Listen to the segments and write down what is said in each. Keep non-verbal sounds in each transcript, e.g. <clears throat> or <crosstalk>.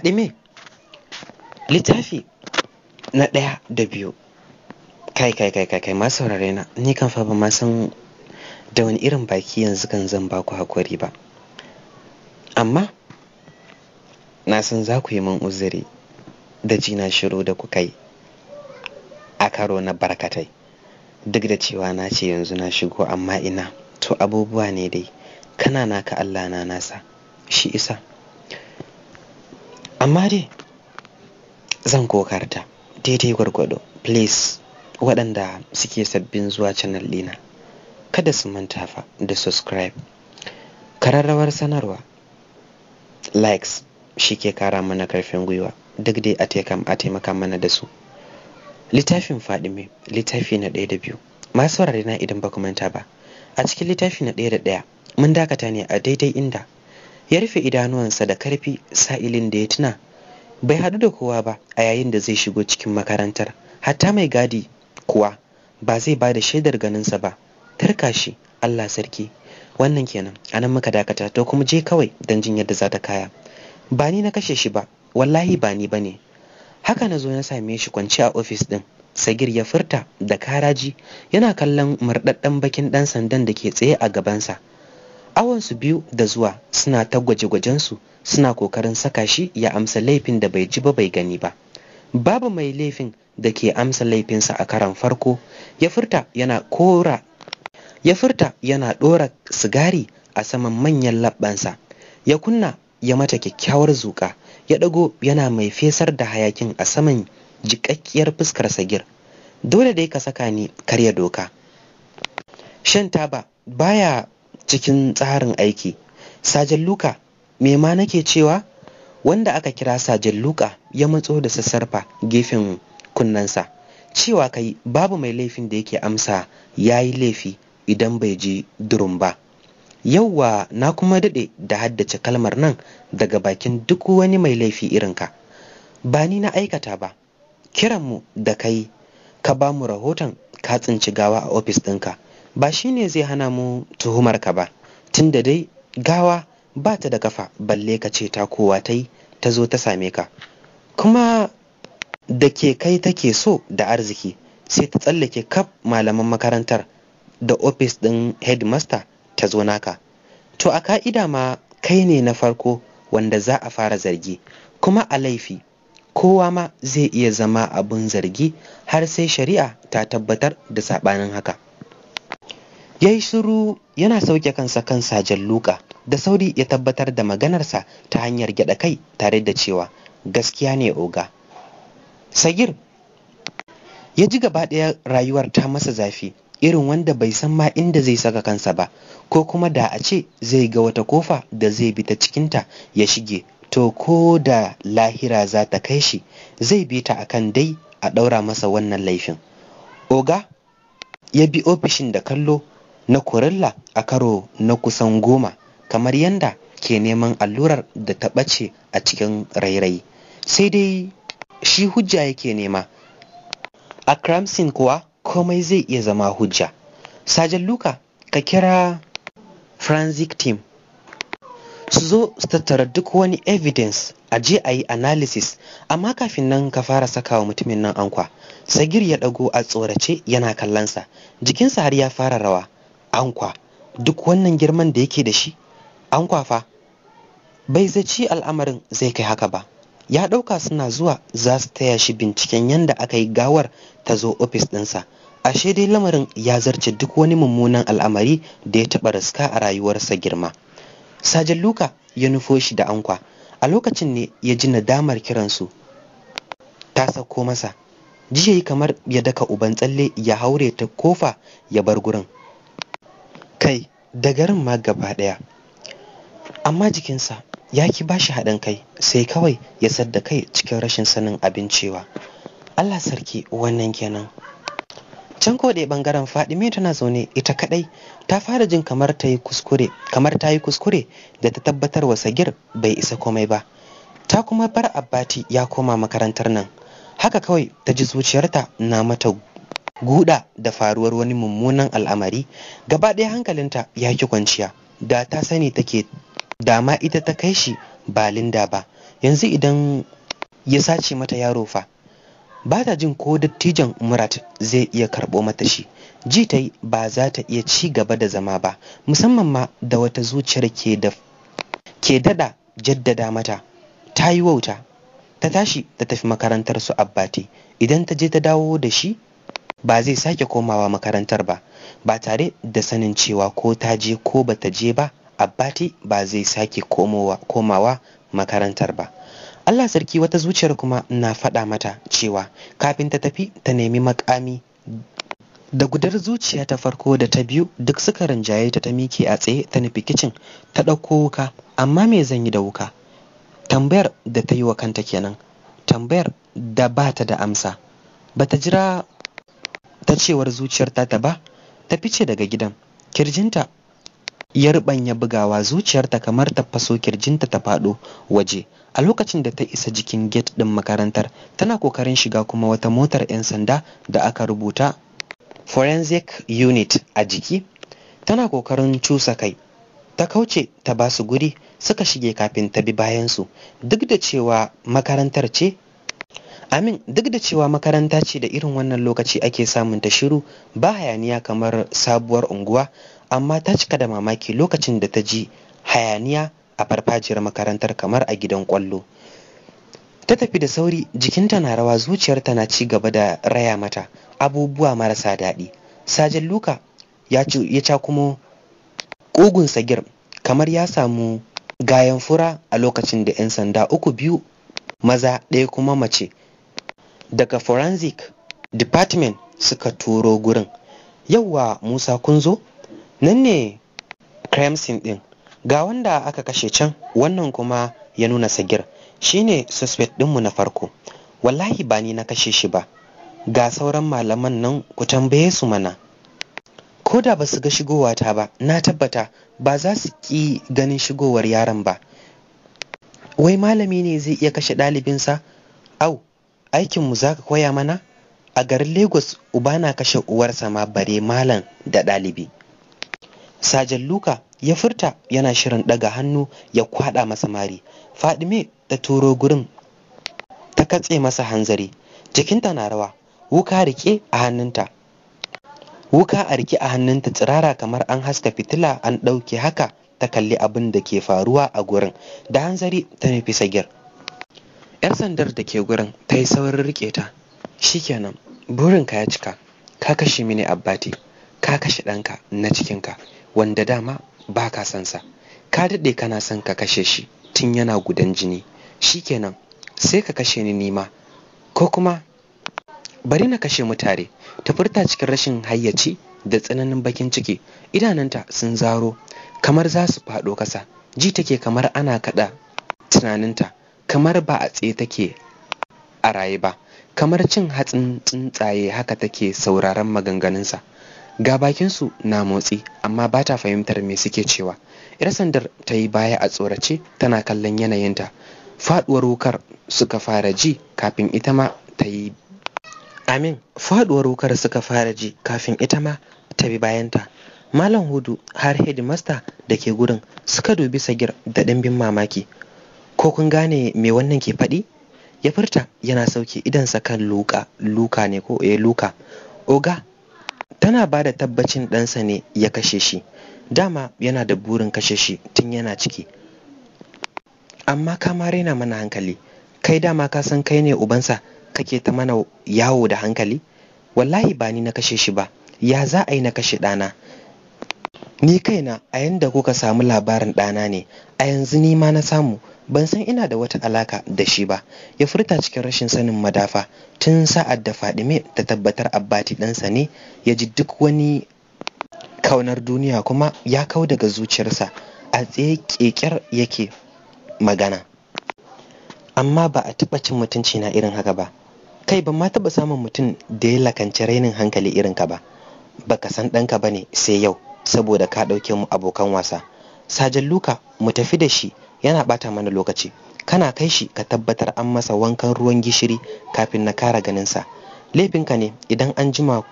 haɗi me littafi na ɗaya da biyu kai kai kai kai kai ma saurare na ni kan fa ba ma san da wani irin baki yanzu kan zan ba ku hakuri ba amma na san za ku yi min uzuri da jina shiru da ku kai a karo na barkatai duk da cewa na ce yanzu na shigo amma ina to abubuwa ne dai kana naka Allah na nasa shi isa amma dai zan kokarta daidai gwargwado please waɗanda suke sabbin zuwa channel dina kada su manta fa da subscribe kararrawar sanarwa likes shi ke kara mana karfin gwiwa duk dai a taimaka mana da su littafin fadime littafi na ɗaya da biyu masu na idan ba ku manta ba a cikin littafi na ɗaya da ɗaya mun dakata ne a daidai inda ya rufe idanuwansa da karfi sa'ilin da ya tuna bai haɗu da kowa ba a yayin da zai shigo cikin makarantar hatta mai gadi kuwa ba zai ba da shaidar ganinsa ba tarka shi allah sarki wannan kenan a nan muka dakata to kuma je kawai don jin yadda za ta kaya ba ni na kashe shi ba wallahi ba ni ba ne haka na zo na same shi kwance a ofis ɗin sagir ya furta da karaji yana kallon murɗaɗɗen bakin ɗan sandan da ke tsaye a gabansa awansu biyu da zuwa suna ta gwaje-gwajensu suna kokarin saka shi ya amsa laifin da bai ji ba bai gani ba babu mai laifin da ke amsa laifinsa a karan farko ya furta yana kora ya furta yana ɗora sigari a saman manyan labbansa ya kunna ya mata kyakkyawar zuƙa ya ɗago yana mai fesar da hayakin a saman jikakkiyar fuskar sagir dole dai ka saka ni karya doka shan taba baya cikin tsarin aiki sajan luka me ma nake cewa wanda aka kira sajan luka ya matso da sassarfa gefen kunnensa cewa kai babu mai laifin da yake amsa ya yi laifi idan bai ji durum ba yauwa na kuma daɗe da haddace kalmar nan daga bakin duk wani mai laifi irinka ba ni na aikata ba kiranmu da kai ka ba mu rahoton ka tsinci gawa a ofis ɗinka ba shi ne zai hana mu tuhumar ka ba tunda dai gawa ba ta da kafa balle ka ce ta kowa ta yi ta zo ta same ka kuma da ke kai take so da arziki sai ta tsallake kaf malaman makarantar da ofis ɗin headmaster ta zo naka to a ka'ida ma kai ne na farko wanda za a fara zargi kuma a laifi kowa ma zai iya zama abun zargi har sai shari'a ta tabbatar da saɓanin haka ya yi shiru yana sauke kansa kan sajan luka da sauri ya tabbatar da maganarsa ta hanyar gyada kai tare da cewa gaskiya ne oga sagir ya ji gaba ɗaya rayuwar ta masa zafi irin wanda bai san ma inda zai saka kansa ba ko kuma da a ce zai ga wata kofa da zai bi ta cikinta ya shige to ko da lahira za ta kai shi zai bi ta akan dai a ɗaura masa wannan laifin oga ya bi ofishin da kallo na kurilla a karo na kusan goma kamar yadda ke neman allurar da ta ɓace a cikin rairayi sai dai shi hujja yake nema a kramsin kuwa komai zai iya zama hujja sajan luka ka kira forensic team su zo su tattara duk wani evidence a je a yi analysis amma kafin nan ka fara saka wa mutumin nan ankwa sagir ya ɗago a tsorace yana kallonsa jikinsa har ya fara rawa ankwa duk wannan girman da yake da shi ankwa fa bai zaci al'amarin zai kai haka ba ya ɗauka suna zuwa za su taya shi binciken yadda aka yi gawar ta zo ofis ɗinsa ashe dai lamarin ya zarce duk wani mummunan al'amari da ya taɓa raska a rayuwarsa girma sajan luka ya nufo shi da ankwa a lokacin ne ya ji nadamar kiransu ta sauko masa jiya yi kamar ya daka uban tsalle ya haure ta kofa ya bar gurin kai da garin ma gaba ɗaya amma jikinsa ya ki ba shi haɗin kai sai kawai ya sadda kai cikin rashin sanin abin allah sarki wannan kenan can koɗe ɓangaren fadime tana zaune ita kaɗai ta fara jin kamar ta yi kuskure kamar ta kuskure da ta tabbatar wa sagir bai isa komai ba ta kuma bar abbati ya koma makarantar nan haka kawai ta ji zuciyarta na mata guda da faruwar wani mummunan al'amari gaba ɗaya hankalinta ya ki kwanciya da ta sani take dama ita ta kai shi ba linda ba yanzu idan ya sace mata yaro fa ba ta jin ko dattijan murat zai iya karɓo mata shi ji ta ba za ta iya ci gaba da zama ba musamman ma da wata zuciyar ke da dada jaddada mata ta yi wauta ta tashi ta tafi makarantar su abbati idan ta je ta dawo da shi ba zai sake komawa makarantar ba ba tare da sanin cewa ko ta je ko ba ta je ba abbati ba zai sake komawa makarantar ba Allah sarki wata zuciyar kuma na faɗa mata cewa kafin ta tafi ta nemi makami da gudar zuciya ta farko da ta biyu duk suka rinjaye ta ta miki a tsaye ta nufi kicin ta ɗauko wuka amma me zan yi da wuka tambayar da ta yi wa kanta kenan tambayar da ba ta da amsa ba ta jira ta cewar zuciyar ta ba ta fice daga gidan kirjinta ya rubanya bugawa zuciyarta kamar ta faso kirjinta ta faɗo waje a lokacin da ta isa jikin gate ɗin makarantar tana kokarin shiga kuma wata motar 'yan sanda da aka rubuta forensic unit a jiki tana kokarin cusa kai ta kauce ta basu guri suka shige kafin ta bi bayansu duk da cewa makarantar ce Amin duk da cewa makaranta ce da irin wannan lokaci ake samun ta shiru ba hayaniya kamar sabuwar unguwa amma ta cika da mamaki lokacin da ta ji hayaniya a farfajiyar makarantar kamar a gidan kwallo. Ta tafi da sauri jikinta na rawa zuciyar ta na ci gaba da raya mata abubuwa marasa daɗi. Sajan Luka ya ca kuma ƙugun sagir kamar ya samu gayan fura a lokacin da 'yan sanda uku biyu maza ɗaya kuma mace daga forensic department suka turo gurin yauwa musa kun zo nan ne crimson din ga wanda aka kashe can wannan kuma ya nuna sagir shine suspect dinmu na farko wallahi ba ni na kashe shi ba ga sauran malaman nan ku tambaye su mana ko da ba su ga shigowata ba na tabbata ba za su ƙi ganin shigowar yaron ba wai malami ne zai iya kashe ɗalibinsa au aikinmu za ka koya mana a garin lagos uba na kashe uwarsa ma bare malam da ɗalibi sajan luka ya furta yana shirin daga hannu ya kwaɗa masa mari fadime ta turo gurin ta katse masa hanzari jikinta na rawa wuka rike a hannunta wuka a rike a hannunta tsirara kamar an haska fitila an ɗauke haka ta kalli abin da ke faruwa a gurin da hanzari ta nufi sagir 'yar sandar da ke gurin ta yi saurin rike ta shikenan burinka ya cika ka kashe mini abbati ka kashe ɗanka na cikinka wanda dama ba ka son sa ka daɗe kana son ka kashe shi tun yana gudan jini shikenan sai ka kashe ni nima ko kuma bari na kashe mu tare ta furta cikin rashin hayyaci da tsananin bakin ciki idananta sun zaro kamar za su faɗo kasa ji take kamar ana kaɗa tunaninta kamar ba a tsaye take a raye ba kamar cin hatsin tsuntsaye haka take sauraron maganganunsa ga bakinsu na motsi amma ba ta fahimtar me suke cewa yar sandar ta yi baya a tsorace tana kallon yanayinta faduwar wukar suka fara ji kafin ita ma ta yi amin faduwar wukar suka fara ji kafin ita ma ta bi bayanta malam hudu har hedimasta da ke gurin suka dubi sagir da ɗimbin mamaki ko kun gane me wannan ke faɗi ya furta yana sauke idansa kan luka luka ne ko eh luka oga tana ba da tabbacin ɗansa ne ya kashe shi dama yana da burin kashe shi tun yana ciki amma ka ma raina mana hankali kai dama ka san kai ne ubansa kake ta mana yawo da hankali wallahi ba ni na kashe shi ba ya za a yi na kashe ɗana ni kaina a yanda kuka samu labarin ɗana ne a yanzu ni ma na samu ban san ina da wata alaka da shi ba ya furta cikin rashin sanin madafa tun sa'ad da fadime ta tabbatar abbati ɗansa ne ya ji duk wani kaunar duniya kuma ya kau daga zuciyarsa a tsaye ƙeƙyar yake magana amma ba a taɓa cin mutunci na irin haka ba kai ban ma taɓa samun mutum da ya lakanci rainin hankali irin ka ba baka san ɗanka ba ne sai yau saboda ka ɗauke mu abokan wasa sajan luka mu tafi da shi yana ɓata mana lokaci kana kai shi ka tabbatar an masa wankan ruwan gishiri kafin na kara ganinsa laifinka ne idan an jima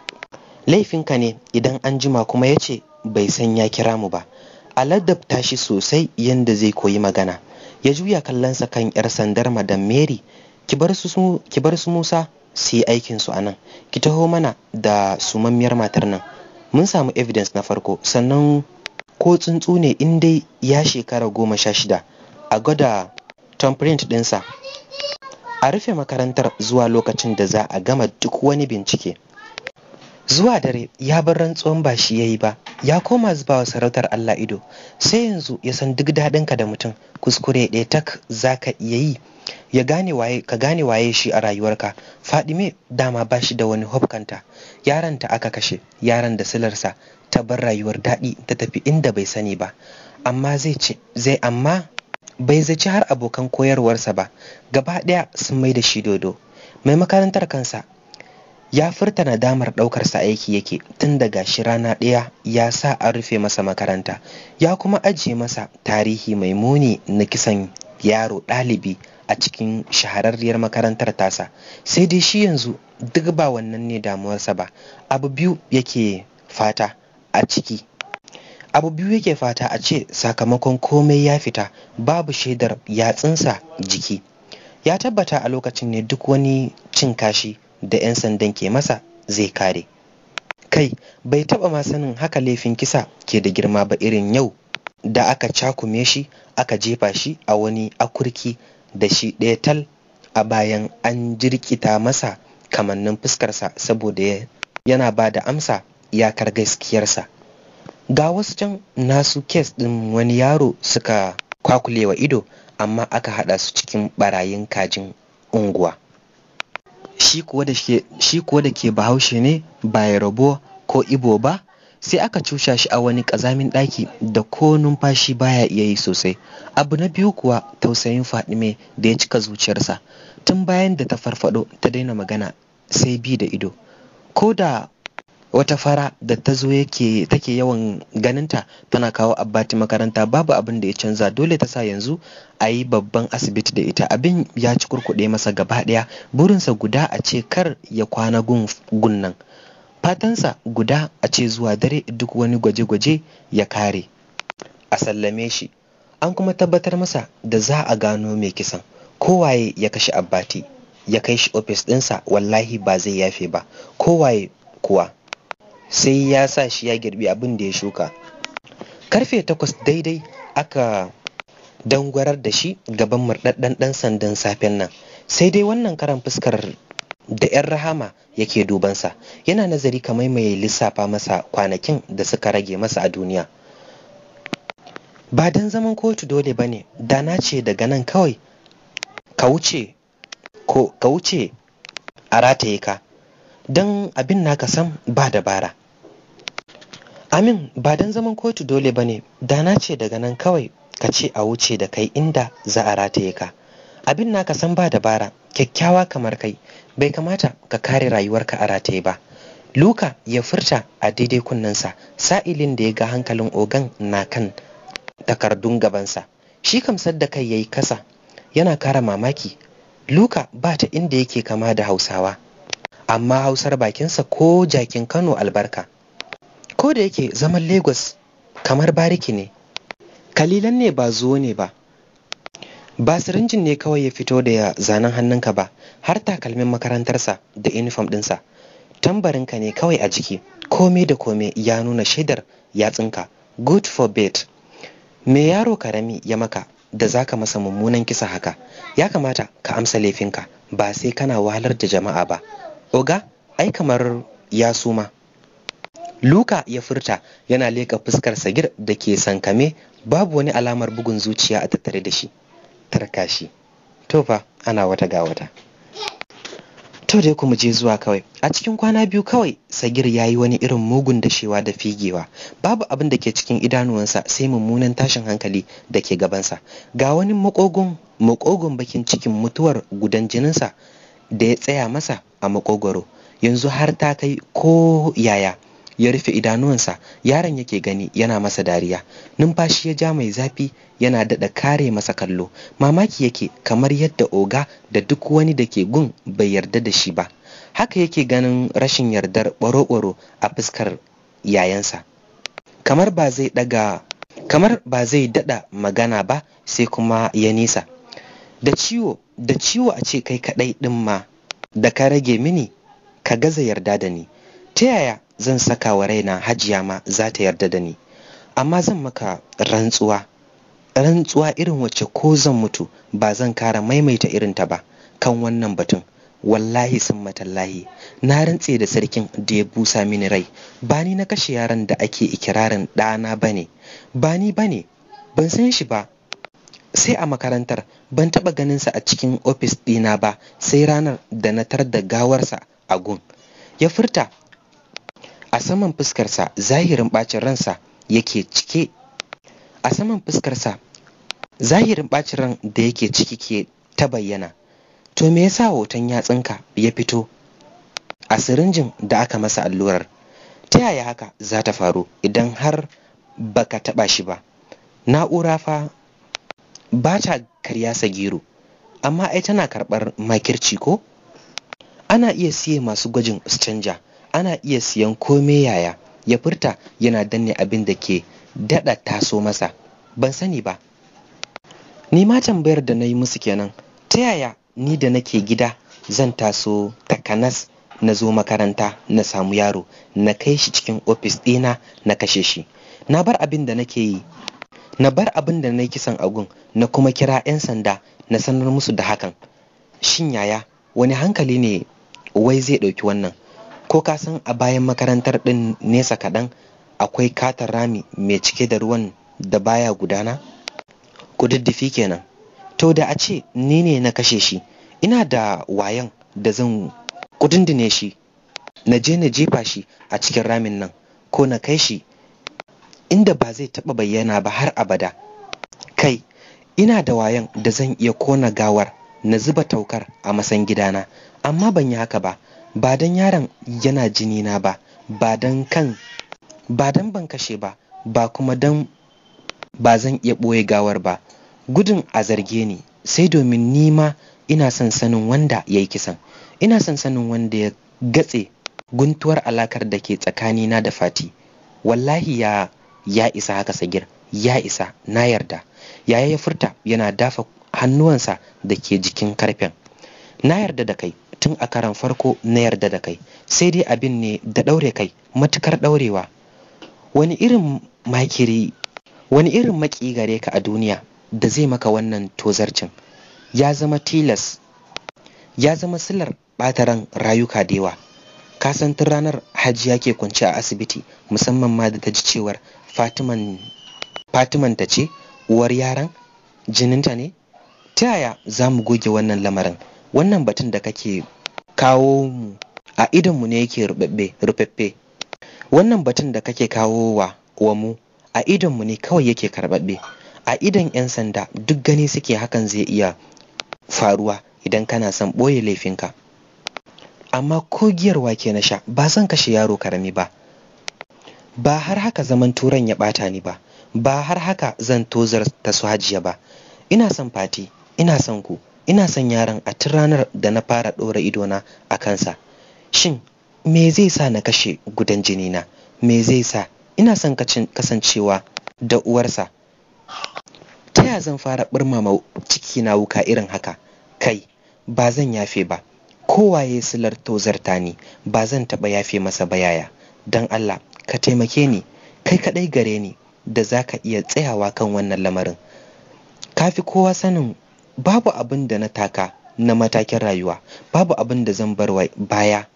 laifinka ne idan an jima kuma ya ce bai san ya kira mu ba a ladabta shi sosai yadda zai koyi magana ya juya kallon sa kan 'yar sandar madam mary ki bar su musa su yi aikinsu a nan ki taho mana da sumammiyar matar nan mun samu evidence na farko sannan ko tsuntsu ne in dai ya shekara goma sha shida a gwada thumbprint ɗinsa. A rufe makarantar zuwa lokacin da za a gama duk wani bincike. Zuwa dare ya bar rantsuwan ba shi ya yi ba, ya koma zuba wa sarautar Allah ido, sai yanzu ya san duk daɗinka da mutum kuskure ɗaya tak za ka iya yi. ya gane ka gane waye shi a rayuwarka fadime dama ba shi da wani hofkanta ta aka kashe yaran da silarsa ta bar rayuwar daɗi ta tafi inda bai sani ba amma zai ce zai amma bai zaci har abokan koyarwarsa ba gaba ɗaya sun mai da shi dodo mai makarantar kansa ya furta nadamar ɗaukarsa aiki yake tun daga shi rana ɗaya ya sa a rufe masa makaranta ya kuma ajiye masa tarihi mai muni na kisan yaro ɗalibi a cikin shahararriyar makarantar tasa sai dai shi yanzu duk ba wannan ne damuwarsa ba abu biyu yake fata a ciki abu biyu yake fata a ce sakamakon komai ya fita babu shaidar yatsunsa jiki ya tabbata a lokacin ne duk wani cin kashi da 'yan sandan ke masa zai kare kai bai taba ma sanin haka laifin kisa ke da girma ba irin yau da aka cakume shi aka jefa shi a wani akurki da shi ɗaya tal a bayan an jirkita masa kamannin fuskarsa saboda yana ba da amsa iyakar gaskiyarsa ga wasu can nasu kes ɗin wani yaro suka kwakulewa ido amma aka haɗa su cikin barayin kajin unguwa shi kuwa da ke bahaushe ne ba rabo ko ibo ba sai aka cusha shi a wani ƙazamin ɗaki da ko numfashi baya iya yi sosai abu na biyu kuwa tausayin fadime da ya cika zuciyarsa tun bayan da ta farfado ta daina magana sai bi da ido ko da wata fara da ta zo yake take yawan ganinta tana kawo abbati makaranta babu abin da ya canza dole ta sa yanzu a yi babban asibiti da ita abin ya ci kurkuɗe masa gaba ɗaya burinsa guda a ce kar ya kwana gunnan fatansa guda a ce zuwa dare duk wani gwaje-gwaje ya kare a sallame shi an kuma tabbatar masa da za a gano mai kisan kowaye ya kashe abbati ya kai shi ofis ɗinsa wallahi ba zai yafe ba kowaye kuwa sai ya sa shi ya girbi abin da ya shuka karfe takwas daidai aka dangwarar da shi gaban murɗaɗɗen ɗan sandan safen nan sai dai wannan karan fuskar da 'yan rahama yake dubansa yana nazari kamar mai lissafa masa kwanakin da suka rage masa a duniya ba don zaman kotu dole ba ne da na ce daga nan kawai ka wuce a rataye ka don abin naka sam ba dabara amin ba don zaman kotu dole ba ne dana ce daga nan kawai ka ce a wuce da kai inda za a rataye ka abin naka san ba dabara kyakkyawa kamar kai bai kamata ka kare rayuwarka a rataye ba luka ya furta a daidai kunnensa sa'ilin da ya ga hankalin ogan na kan takardun gabansa shi kamsar da kai ya yi kasa yana kara mamaki luka ba ta inda yake kama da hausawa amma hausar bakinsa ko jakin kano albarka ko da yake zaman lagos kamar bariki ne kalilan ne ba zuwo ne ba ba sirinjin ne kawai ya fito da zanen hannunka ba har takalmin makarantarsa da inifom ɗinsa tambarinka ne kawai a jiki komai da kome ya nuna shaidar yatsinka good for bed me yaro karami ya maka da za ka masa mummunan kisa haka ya kamata ka amsa laifinka ba sai kana wahalar da jama'a ba oga ai kamar ya suma luka ya furta yana leka fuskar sagir da ke sankame babu wani alamar bugun zuciya a tattare da shi Tarkashi, to fa ana wata ga wata to dai kuma je zuwa kawai a cikin kwana biyu kawai sagir ya yi wani irin mugun dashewa da figewa babu abin da ke cikin idanuwansa sai mummunan tashin hankali da ke gabansa ga wani makogon makogon bakin cikin mutuwar gudan jininsa da ya tsaya masa a makogwaro yanzu har ta kai ko yaya ya rufe idanuwansa yaron yake gani yana masa dariya numfashi ya ja mai zafi yana daɗa kare masa kallo mamaki yake kamar yadda oga da duk wani da ke gun bai yarda da shi ba haka yake ganin rashin yardar ɓaro-ɓaro a fuskar yayansa kamar ba zai kamar ba zai daɗa magana ba sai kuma ya nisa da ciwo da ciwo a ce kai kaɗai ɗin ma da ka rage mini ka gaza yarda da ni ta yaya zan saka wa raina hajiya ma za ta yarda da ni amma zan maka rantsuwa rantsuwa irin wacce ko zan mutu ba zan kara maimaita irin ta ba kan wannan batun wallahi sun matallahi na rantse da sarkin da ya busa mini rai ba ni na kashe yaran da ake ikirarin ɗana ba ne ba ni ba ne ban san shi ba sai a makarantar ban taɓa ganinsa a cikin ofis ɗina ba sai ranar da na tar da gawarsa a gun ya furta a saman fuskarsa zahirin ɓacin ransa yake cike a saman fuskarsa zahirin bacin ran da yake ciki ke ta bayyana to me yasa hoton yatsunka ya fito a sirinjin da aka masa allurar ta yaya haka za ta faru idan har baka taɓa shi ba na'ura fa ba ta karya sagiro amma ai tana karɓar makirci ko ana iya siye masu gwajin su ana iya siyan kome yaya ya furta yana danne abin da ke daɗa taso masa ban sani ba ni ma tambayar da na yi musu kenan ta yaya ni da nake gida zan taso takanas na zo makaranta na samu yaro na kai shi cikin ofis ɗina na kashe shi na bar abin da nake yi na bar abin da na yi kisan agun na kuma kira 'yan sanda na sanar musu da hakan shin yaya wani hankali ne wai zai ɗauki wannan ko ka san a bayan makarantar ɗin nesa kaɗan akwai katar rami mai cike da ruwan da baya gudana kududdufi kenan to da a ce ni ne na kashe shi ina da wayan da zan kudindine shi na je na jefa shi a cikin ramin nan ko na kai shi inda ba zai taɓa bayyana ba har abada kai ina da wayan da zan iya kona gawar na zuba taukar a masan gidana amma ban yi haka ba ba don yaron yana jinina ba ba don kan ba don ban kashe ba ba kuma don ba zan iya ɓoye gawar ba gudun a zarge ni sai domin nima ina son sanin wanda ya yi kisan ina son sanin wanda ya gatse guntuwar alakar da ke tsakanina da fati wallahi ya ya isa haka sagir ya isa na yarda yaya ya furta yana dafa hannuwansa da ke jikin karfen na yarda da kai tun a karan farko na yarda da kai sai dai abin ne da ɗaure kai matukar ɗaurewa wani irin makiri wani irin maki gare ka a duniya da zai maka wannan tozarcin ya zama tilas ya zama silar ɓataran rayuka da yawa kasan tun ranar hajiya ke kwance a asibiti musamman ma da ta ji cewar fatiman fatiman ta ce uwar yaran jininta ne ta yaya za mu goge wannan lamarin wannan batun da kake kawo mu a idonmu ne yake rufaffe wannan batun da kake kawo wa mu a idonmu ne kawai yake karbabbe a idon 'yan sanda duk gani suke hakan zai iya faruwa idan kana son ɓoye laifinka amma ko ke na sha ba zan kashe yaro karami ba ba har haka zaman turan ya bata ni ba ba har haka zan tozar ta su hajiya ba ina son fati ina son ku ina son yaron a tun ranar da na fara ɗora idona a kansa shin me zai sa na kashe gudan jini na me zai sa ina son kasancewa da uwarsa ta ya zan fara birmama na wuka irin haka kai ba zan yafe ba kowaye silar tozarta ni ba zan taɓa yafe masa bayaya don allah ka taimake ni kai kaɗai gare ni da za ka iya tsayawa kan wannan lamarin ka fi kowa sanin babu abin da na taka na matakin rayuwa babu abin da zan bar baya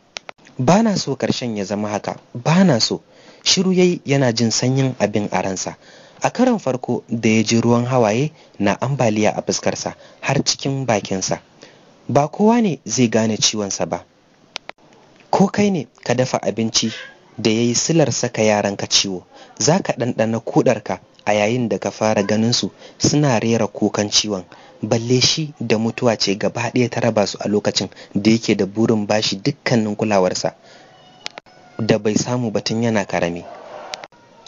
ba na so ƙarshen ya zama haka ba na so shiru yayi yana jin sanyin abin a ransa a karon farko da ya ji ruwan hawaye na ambaliya a fuskarsa har cikin bakinsa ba kowa ne zai gane ciwonsa ba ko kai ne ka dafa abinci da ya yi silar saka yaranka ciwo za ka ɗanɗana kuɗarka a yayin da ka fara ganinsu suna rera kukan ciwon balle shi da mutuwa ce gaba ɗaya ta raba su a lokacin da yake da burin bashi dukkanin kulawarsa da bai samu batun yana karami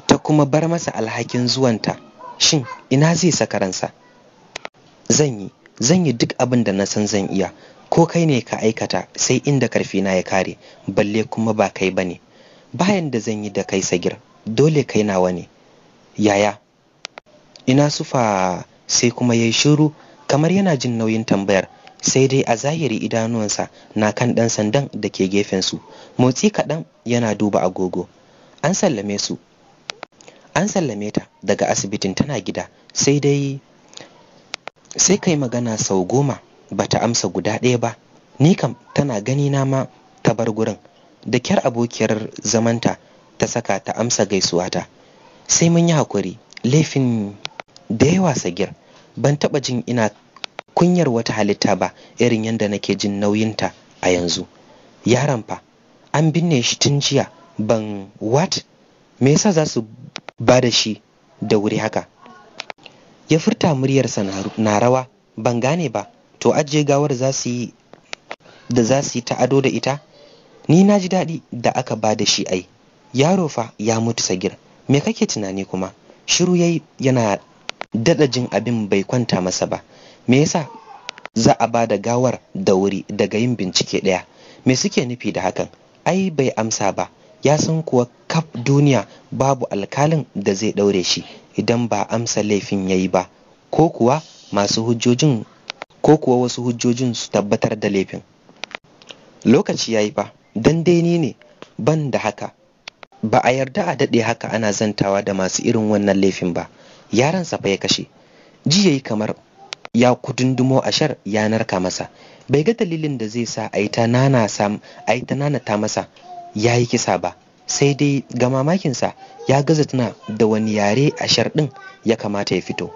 ta kuma bar masa alhakin zuwanta shin ina zai saka ransa zan yi zan yi duk abin da na san zan iya ko kai ne ka aikata sai inda karfina ya kare balle kuma ba kai bane bayan da zan yi da kai sagir dole kai nawa ne yaya ina sufa sai kuma ya yi shiru kamar yana jin nauyin tambayar sai dai a zahiri idanuwansa na kan ɗan sandan da ke gefensu motsi kaɗan yana duba agogo an sallame su an sallame ta daga asibitin tana gida sai dai sai kai magana sau goma bata amsa guda ɗaya ba ni kam tana gani na ma ta bar gurin da kyar abokiyar zamanta ta saka ta amsa gaisuwata sai mun yi hakuri laifin da yawa sagir ban taɓa jin ina kunyar wata halitta ba irin yadda nake jin nauyinta a yanzu yaron fa an binne shi tun jiya ban wat me yasa za su ba da shi da wuri haka ya furta muryarsa na rawa ban gane ba to ajiye gawar za da za su yi ta ado da ita ni na ji daɗi da aka ba da shi ai yaro fa ya mutu sagir me kake tunani kuma shiru yayi yana daɗa jin abin bai kwanta masa ba me yasa za a ba da gawar da wuri daga yin bincike ɗaya me suke nufi da hakan ai bai amsa ba ya san kuwa kaf duniya babu alkalin da zai ɗaure shi idan ba amsa laifin ya yi ba ko kuwa masu hujjojin ko kuwa wasu hujjojin su tabbatar da laifin lokaci ya yi fa don dai ne ban da haka ba a yarda a daɗe haka ana zantawa da masu irin wannan laifin ba yaran fa ya kashe ji yayi kamar ya kudundumo ashar ya narka masa bai ga dalilin da zai sa a yi ta masa ya yi kisa ba sai dai ga mamakinsa ya gaza tana da wani yare ashar ɗin ya kamata ya fito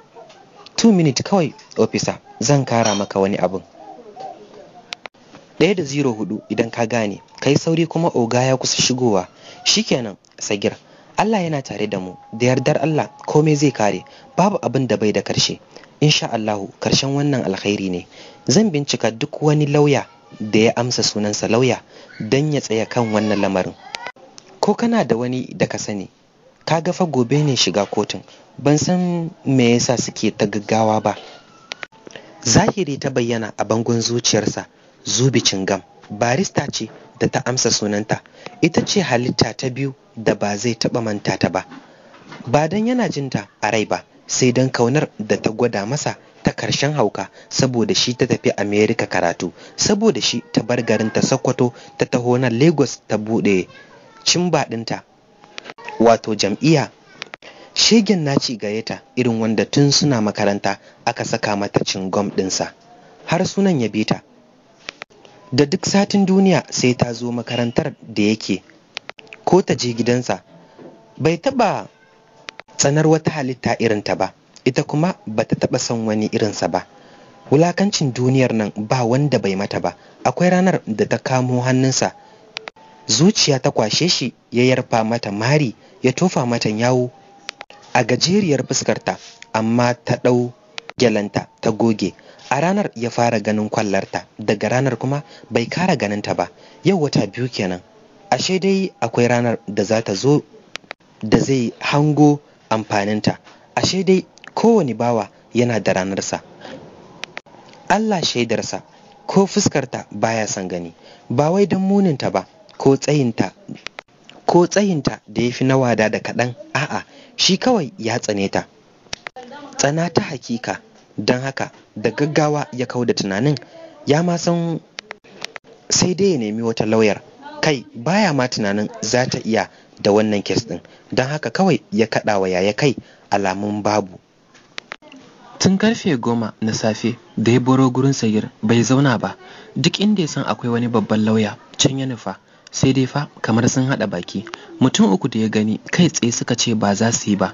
2 minutes kawai ofisa zan kara maka wani abin ɗaya da ziro hudu idan ka gane kai sauri kuma oga ya kusa shigowa Shi kenan, sagir Allah yana tare da mu da yardar Allah komai zai kare babu abin da bai da karshe insha Allahu karshen wannan alkhairi ne zan bincika duk wani lauya da ya amsa sunansa lauya don ya tsaya kan wannan lamarin ko kana da wani da ka sani ka gafa gobe ne shiga kotun ban san me yasa suke ta gaggawa ba zahiri ta bayyana a bangon zuciyarsa Zubi Cingam barista ce da ta amsa sunanta ita ce halitta ta biyu da ba zai taba manta ta ba ba don yana jinta a rai ba sai don kaunar da ta gwada masa ta karshen hauka saboda shi ta tafi Amerika karatu saboda shi ta bar garin ta Sokoto ta taho nan Lagos ta buɗe cimba ɗinta wato jam'iyya shegen naci gare ta irin wanda tun suna makaranta aka saka mata cingom ɗinsa har sunan ya bi ta da duk satin duniya sai ta zo makarantar da yake ko ta je gidansa bai taba tsanar wata halitta irinta ba ita kuma ba ta taba son wani irinsa ba wulakancin duniyar nan ba wanda bai mata ba akwai ranar da ta kamo hannunsa zuciya ta kwashe shi ya yarfa mata mari ya tofa mata yawo a gajeriyar fuskarta amma ta ɗau gyalanta ta goge a ranar ya fara ganin kwallarta daga ranar kuma bai kara ta ba yau wata biyu kenan ashe dai akwai ranar da za ta zo da zai hango amfaninta ashe dai kowane bawa yana da ranarsa Allah shaidarsa ko fuskarta baya son gani ba wai don muninta ba ko tsayinta ko tsayinta da ya fi na wada da kaɗan a'a shi kawai ya tsane ta tsana ta hakika don haka da gaggawa ya kau da tunanin ya ma san sai dai ya nemi wata lauyar kai baya ma tunanin za ta iya da wannan kes ɗin don haka kawai ya kaɗa wa yaya kai alamun babu tun karfe goma na safe da ya boro gurin sayir bai zauna ba duk inda ya san akwai wani babban lauya can ya nufa sai dai fa kamar sun haɗa baki mutum uku da ya gani kai tsaye suka ce ba za su yi ba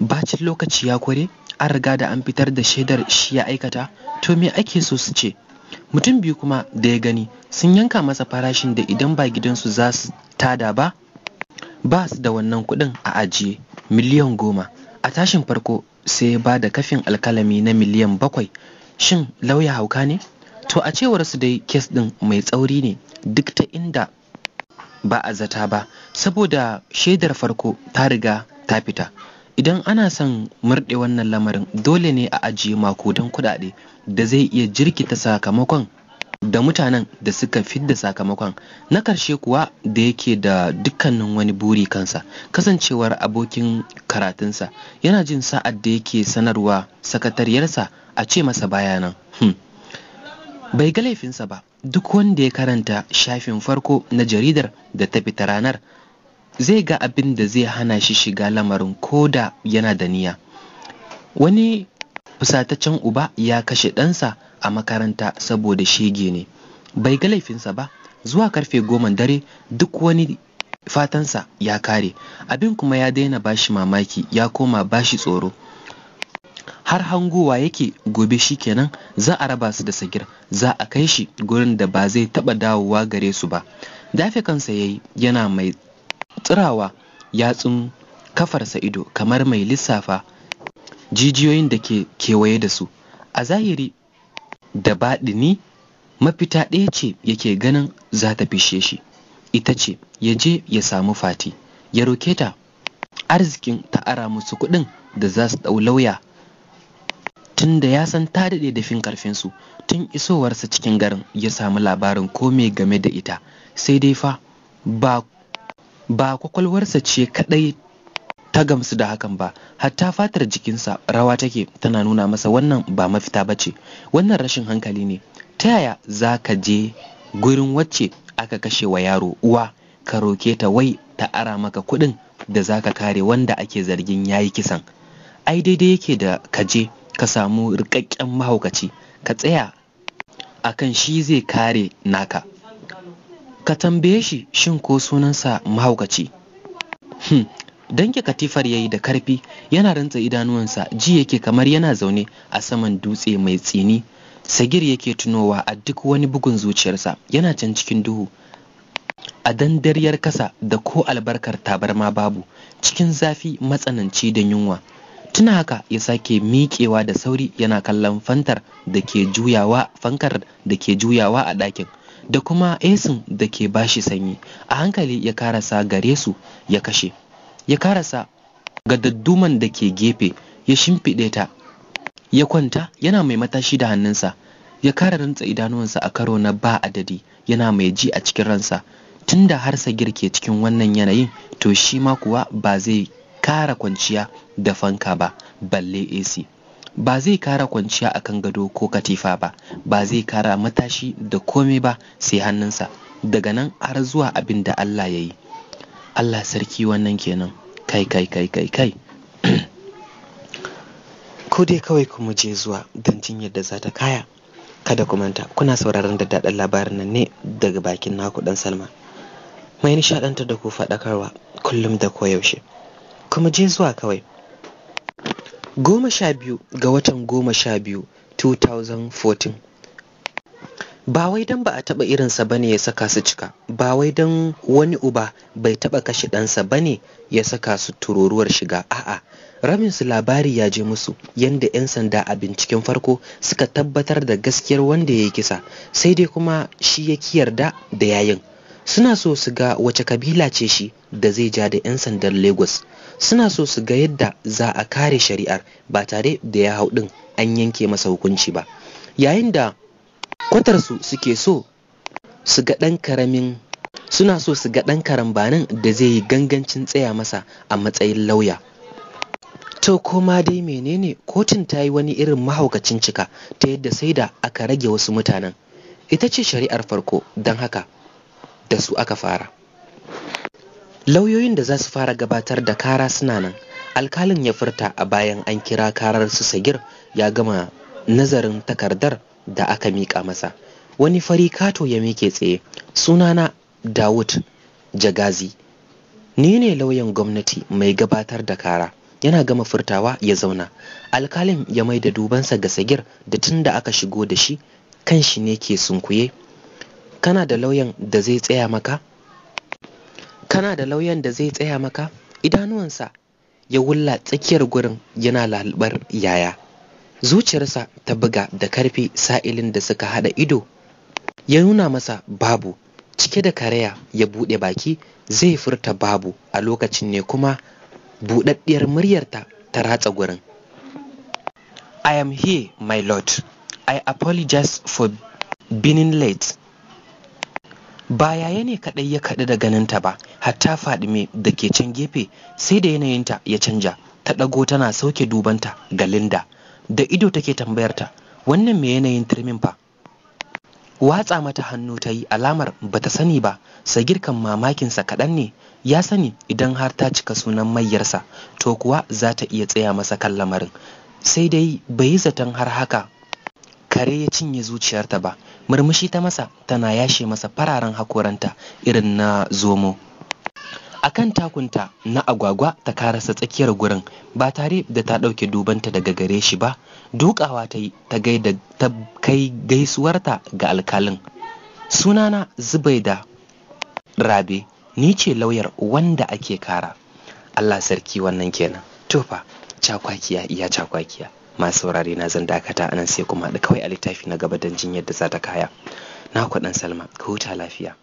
bacin lokaci ya kware an riga da an fitar da shaidar shi ya aikata to me ake so su ce mutum biyu kuma da ya gani sun yanka masa farashin da idan ba gidansu za su tada ba ba su da wannan kuɗin a ajiye miliyan goma a tashin farko sai ya ba da kafin alkalami na miliyan bakwai shin lauya hauka ne to a cewar su dai kes ɗin mai tsauri ne duk ta inda ba a zata ba saboda shaidar farko ta riga ta fita idan ana son murɗe wannan lamarin dole ne a ajiye makudan kuɗaɗe da zai iya jirkita sakamakon da mutanen da suka fidda sakamakon na ƙarshe kuwa da yake da dukkanin wani buri kansa kasancewar abokin karatunsa yana jin sa'ad da yake sanarwa sakatariyarsa a ce masa bayanan. Hmm. bai ga laifinsa ba duk wanda ya karanta shafin farko na jaridar da ta fita ranar zai ga abin da zai hana shi shiga lamarin ko da yana da niyya wani fusataccen uba ya kashe ɗansa a makaranta saboda shege ne bai ga laifinsa ba zuwa karfe goma dare duk wani fatansa ya kare abin kuma ya daina bashi mamaki ya koma bashi tsoro har hangowa yake gobe shi kenan za a raba su da sagir za a kai shi gurin da ba zai taba dawowa gare su ba dafe kansa yayi yana mai tsirawa yatsun kafarsa ido kamar mai lissafa jijiyoyin da ke kewaye da su a zahiri da baɗini mafita ɗaya ce yake ganin za ta fishe shi ita ce ya je ya samu fati ya roke ta arzikin ta ara musu kuɗin da za su ɗau lauya tun da ya san ta daɗe da fin ƙarfinsu tun isowarsa cikin garin ya samu labarin kome game da ita sai dai fa ba ba kwakwalwarsa ce kaɗai ta gamsu da hakan ba hatta fatar jikinsa rawa take tana nuna masa wannan ba mafita ba ce wannan rashin hankali ne ta yaya za ka je gurin wacce aka kashe wa yaro uwa ka roke ta wai ta ara maka kuɗin da za ka kare wanda ake zargin ya yi kisan ai daidai yake da ka je ka samu rikakken mahaukaci ka tsaya akan shi zai kare naka ka tambaye shi shin ko sunansa mahaukaci hmm. danke katifar yayi da karfi yana rantsa idanuwansa ji yake kamar yana zaune a saman dutse mai tsini sagir yake tunowa a duk wani bugun zuciyarsa yana can cikin duhu a dandaryar kasa da ko albarkar tabarma babu cikin zafi matsananci da yunwa tuna haka ya sake miƙewa da sauri yana kallon fantar fankar da ke juyawa a ɗakin da kuma esin da ke bashi sanyi a hankali ya karasa gare su ya kashe ya karasa ga dadduman da ke gefe ya shimfiɗe ta ya kwanta yana mai matashi da hannunsa ya kara rantsa idanuwansa a karo na ba adadi yana mai ji a cikin ransa tunda har sa girke cikin wannan yanayin to shi ma kuwa ba zai kara kwanciya da fanka ba balle AC ba zai kara kwanciya a kan gado ko katifa ba ba zai kara matashi da komai ba sai hannunsa daga nan har zuwa abin da Allah ya yi Allah sarki wannan kenan kai kai kai kai kai <clears throat> ko dai kawai kuma je zuwa don jin yadda za ta kaya kada ku manta kuna sauraron da daɗin labarin nan ne daga bakin naku dan salma mai nishaɗantar da ku faɗakarwa kullum da koyaushe kuma je zuwa kawai goma sha biyu ga watan goma sha biyu 2014 ba wai don ba a taɓa irinsa ba ne ya saka su cika ba wai don wani uba bai taɓa kashe ɗansa ba ne ya saka su tururuwar shiga a'a ramin su labari ya je musu yadda 'yan sanda a binciken farko suka tabbatar da gaskiyar wanda ya yi kisa sai dai kuma shi ya yarda da yayin suna so su ga wace kabila ce shi da zai ja da 'yan sandan Lagos suna so su ga yadda za a kare shari'ar ba tare da ya hau din an yanke masa hukunci ba yayin da kwatarsu suke so su ga ɗan karamin suna so su ga ɗan karambanin da zai yi gangancin tsaya masa a matsayin lauya to koma dai menene kotun ta yi wani irin mahaukacin cika ta yadda sai da aka rage wasu mutanen ita ce shari'ar farko don haka da su aka fara lauyoyin da za su fara gabatar da kara suna nan alkalin ya furta a bayan an kira karar su sagir ya gama nazarin takardar da aka miƙa masa wani fari kato ya mike tsaye sunana dawud jagazi ni ne lauyan gwamnati mai gabatar da kara yana gama furtawa ya zauna alkalin ya mai da dubansa ga sagir da tun da aka shigo da shi kan shi ne ke sunkuye kana da lauyan da zai tsaya maka kana da lauyan da zai tsaya maka idanuwansa ya wulla tsakiyar gurin yana lalbar yaya zuciyarsa ta buga da karfi sa'ilin da suka hada ido ya nuna masa babu cike da karaya ya buɗe baki zai furta babu a lokacin ne kuma buɗaɗɗiyar muryarta ta ratsa gurin i am here my lord i apologize for being late ba yaya ne kadai ya kaɗu da ganinta ba hatta fadime da ke can gefe sai da yanayinta ya canja ta ɗago tana sauke dubanta ga linda da ido take tambayarta wannan me yanayin turmin fa watsa mata hannu ta yi alamar bata sani ba sagirkan mamakinsa kaɗan ne ya sani idan har ta cika sunan mayyarsa to kuwa za ta iya tsaya masa kan lamarin sai dai bai yi zaton har haka kare ya cinye zuciyarta ba murmushi ta masa tana yashe masa fararen hakoranta irin na zomo akan takunta na agwagwa ta karasa tsakiyar gurin ba tare da ta ɗauke dubanta daga gare shi ba dukawa ta yi ta gaida ta kai gaisuwarta ga alkalin sunana zubaida rabe ni ce lauyar wanda ake kara allah sarki wannan kenan tofa cakwakiya iya cakwakiya masu saurare na zan dakata anan sai kuma haɗu kawai a littafi na gaba don jin yadda za ta kaya na kwaɗan salma ka huta lafiya